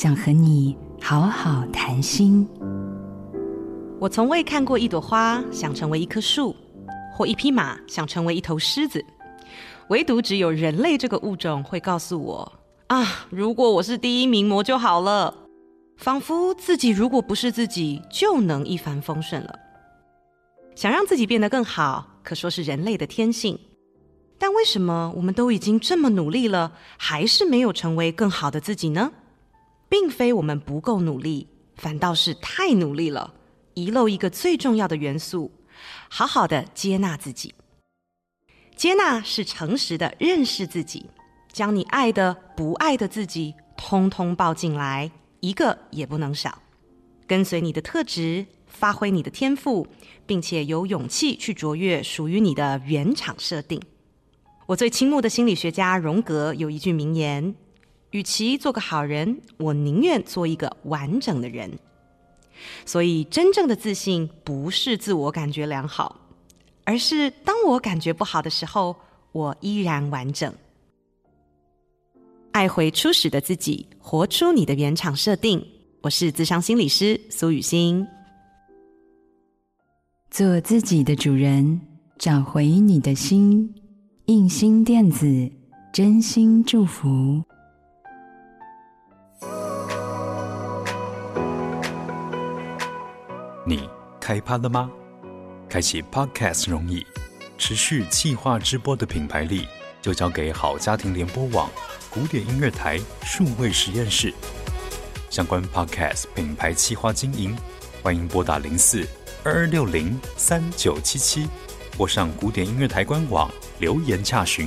想和你好好談心。我從未看過一朵花想成為一棵樹，或一匹馬想成為一頭獅子，唯獨只有人類這個物種會告訴我：“啊，如果我是第一名模就好了。”仿佛自己如果不是自己，就能一帆風順了。想讓自己變得更好，可說是人類的天性。但為什麼我們都已經這麼努力了，還是沒有成為更好的自己呢？並非我們不夠努力，反倒是太努力了，遺漏一個最重要的元素：好好的接納自己。接納是誠實的認識自己，將你愛的、不愛的自己通通抱進來，一個也不能少。跟隨你的特質，發揮你的天賦，並且有勇氣去卓越屬於你的原廠設定。我最傾慕的心理學家榮格有一句名言。與其做個好人，我寧願做一個完整的人。所以，真正的自信不是自我感覺良好，而是當我感覺不好的時候，我依然完整。愛回初始的自己，活出你的原廠設定。我是諮商心理師蘇予昕，做自己的主人，找回你的心。映興電子真心祝福。你開拍了嗎？開啟 Podcast 容易，持續企劃直播的品牌力，就交給好家庭聯播網、古典音樂台、數位實驗室。相關 Podcast 品牌企劃經營，歡迎撥打零四二二六零三九七七，或上古典音樂台官網留言洽詢。